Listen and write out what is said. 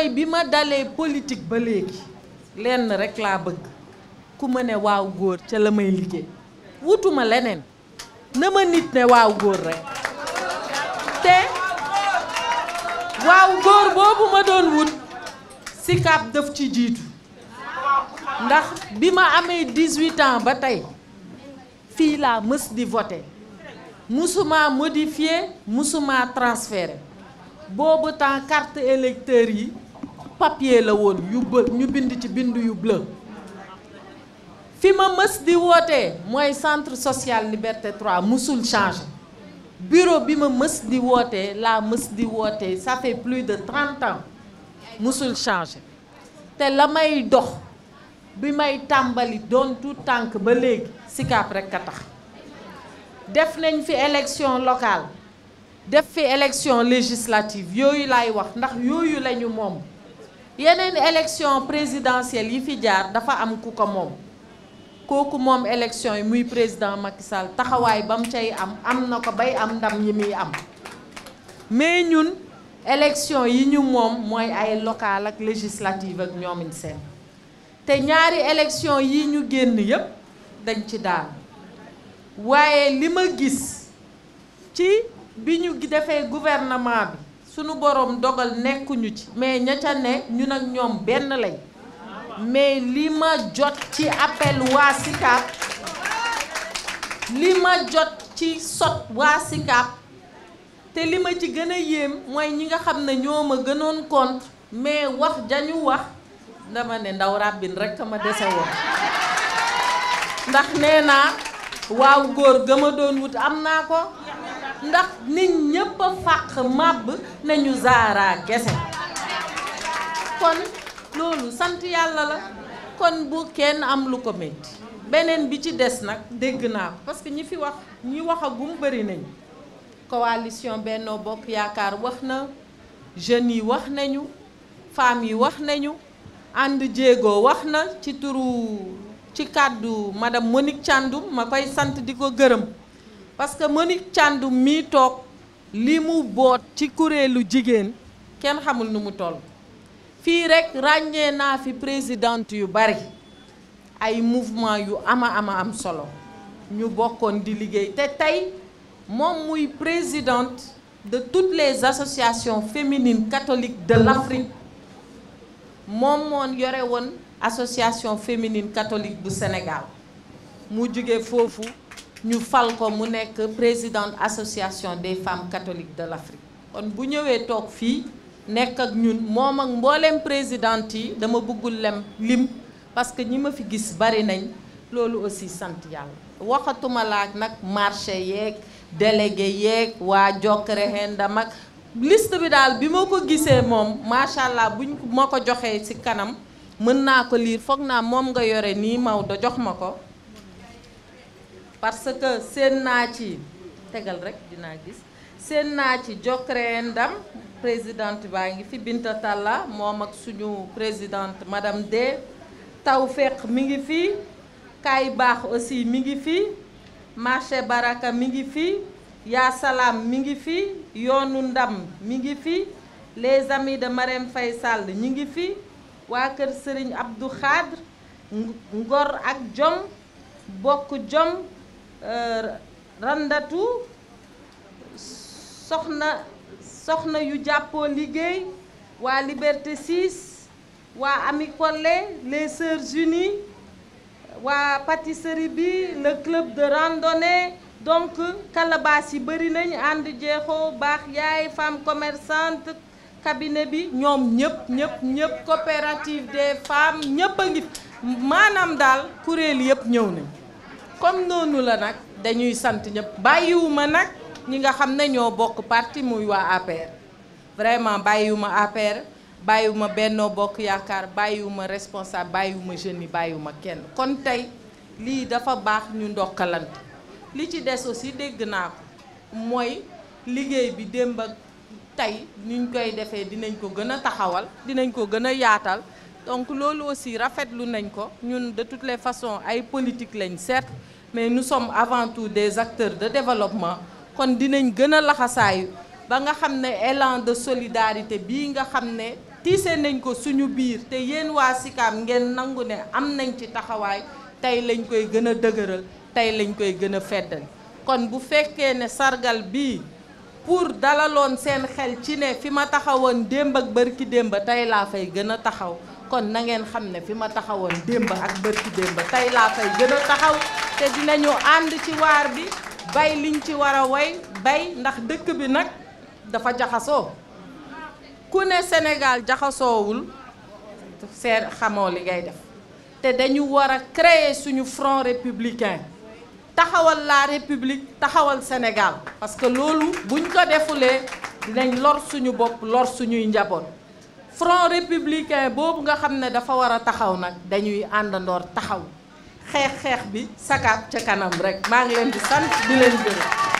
mooy bi ma dalee politik ba léegi lenn rekk laa bëgg ku ma ne waaw góor ca la may liggéey wutuma leneen na ma nit ne waaw góor rek te waaw góor boobu ma doon wut Sicap daf ci jiitu ndax bi ma amee 18 ans ba tey fii laa mës di voté musuma modifié musuma transféré boobu temps carte électeur yi papier la woon ñu bind ci bind yu bleu fi ma mës di wootee mooy centre social liberté 3 musul changé bureau bi ma mës di woote laa mës di woote ça plus de trente ans mosul changé te la may dox bi may tàmbali doon tout tànk ba léegi Sicap rek a tax def nañ fi élection locale def fi élection législative yooyu lay wax ndax yooyu lañu moom yeneen élection présidentielle yi fi jaar dafa am ku ko moom kooku moom élection yi muy président Macky Sall taxawaay ba mu cay am am na ko bay am ndam yi muy am mais ñun élection yi ñu moom mooy ay local ak législative ak ñoomin seen te ñaari élection yi ñu génn yépp dañ ci daal waaye li ma gis ci bi ñu defee gouvernement bi sunu boroom dogal nekkuñu ci mais ña ca ne ñun ak ñoom benn lañ mais li ma jot ci appel waa li ma jot ci sot waa te li ma ci gën a yéem mooy ñi nga xam ne ñoo ma gënoon compte mais wax jañu wax dama ne ndaw ràbbin a ma dese woon ndax nee naa waaw góor gëma doon wut am naa ko ndax nit ñëpp a fàq màbb nañu Zahra Guessé kon loolu sant yàlla la kon bu kenn am lu ko métti beneen bi ci des nag dégg naa ko parce que ñi fi wax ñi waxagum bari nañ coalition Benno Bokk Yaakaar wax na jeunes yi wax nañu femmes yi wax nañu ànd jéego wax na ci turu ci kàddu madame Monique Thiandoum ma koy sant di ko gërëm parce que Monique Thiandoum mii toog li mu boot ci kuréelu jigéen kenn xamul nu mu toll fii rekk ràññee naa fi présidente yu bari ay mouvement yu ama ama am solo ñu bokkoon di liggéey te tey moom muy présidente de toutes les associations féminines catholiques de l'Afrique moom moon yore woon association féminine catholique bu Sénégal mu jóge foofu ñu fal ko mu nekk présidente association des femmes catholiques de l'Afrique kon bu ñëwee toog fii nekk ak ñun moom ak mbooleem présidente yi dama bëggul lem lim parce que ñi ma fi gis bari nañ loolu aussi sant yàlla waxatuma laaj nag marché yeeg délégué yeeg waa Jokalante mag list bi daal bi ma ko gisee moom macha allah buñ ma ko joxee ci kanam mën naa ko liir foog naa moom nga yore nii Maodo jox ma ko. parce que seen naa ci tegal rek dinaa gis seen naa ci Jokalante ndam présidente baa ngi fi Binta Talla moom ak suñu présidente madame D Tawfeex mi ngi fi Kaay Baax aussi mi ngi fi marché Baraka mi ngi fi yaasalaam mi ngi fi yoonu ndam mi ngi fi les amis de Marème Faye Sall ñi ngi fi waa kër Serigne Abdou Khadre Ngor ak Jom bokk Jom Euh, randatu soxna yu jàppoo liggéey waa Liberté 6 waa Ami Collé les Sœurs Unies waa pâtisserie bi le club de randonnée donc calebasse yi bëri nañ ànd jeexoo baax yaay femme commerçante cabinet bi ñoom ñëpp ñëpp ñëpp coopérative des femmes ñëpp a ngi maanaam daal kuréel yëpp ñëw nañ comme noonu la nag dañuy sant ñëpp bàyyiwuma nag ñi nga xam ne ñoo bokk parti muy waa APR vraiment bàyyiwuma APR bàyyiwuma Benno Bokk Yaakaar bàyyiwuma responsable bàyyiwuma jeunes yi bàyyiwuma kenn kon tey lii dafa baax ñu ndokkalante li ci des aussi dégg naa ko mooy liggéey bi démb ak tey ñu koy defee dinañ ko gën a taxawal dinañ ko gën a yaatal donc loolu aussi rafetlu nañ ko ñun de toutes façon ay politique lañ certes mais nu somme avant tout des acteurs de développement kon dinañ gën a laxasaayu ba nga xam ne élan de solidarité bii nga xam ne tiise nañ ko suñu biir te yéen waa Sicap ngeen nangu ne am nañ ci taxawaay tey lañ koy gën a dëgëral tey lañ koy gën a feddal kon bu fekkee ne sargal bi pour dalaloon seen xel ci ne fi ma taxawoon démb ak bërki démb tey laa fay gën a taxaw kon na ngeen xam ne fi ma taxawoon démb ak bërki démb tey laa fay gën a taxaw te dinañu ànd ci waar bi bay liñ ci war a way bay ndax dëkk bi nag dafa jaxasoo ku ne senegal jaxasoowul seet xamoo li ngay def te dañu war a créer suñu front républicain taxawal la république taxawal Sénégal parce que loolu buñ ko defulee dinañ lor suñu bopp lor suñuy njaboot front républicain boobu nga xam ne dafa war a taxaw nag dañuy àndandoor taxaw xeex-xeex bi sakaat ca kanam rek maa ngi leen di sant di leen gërëm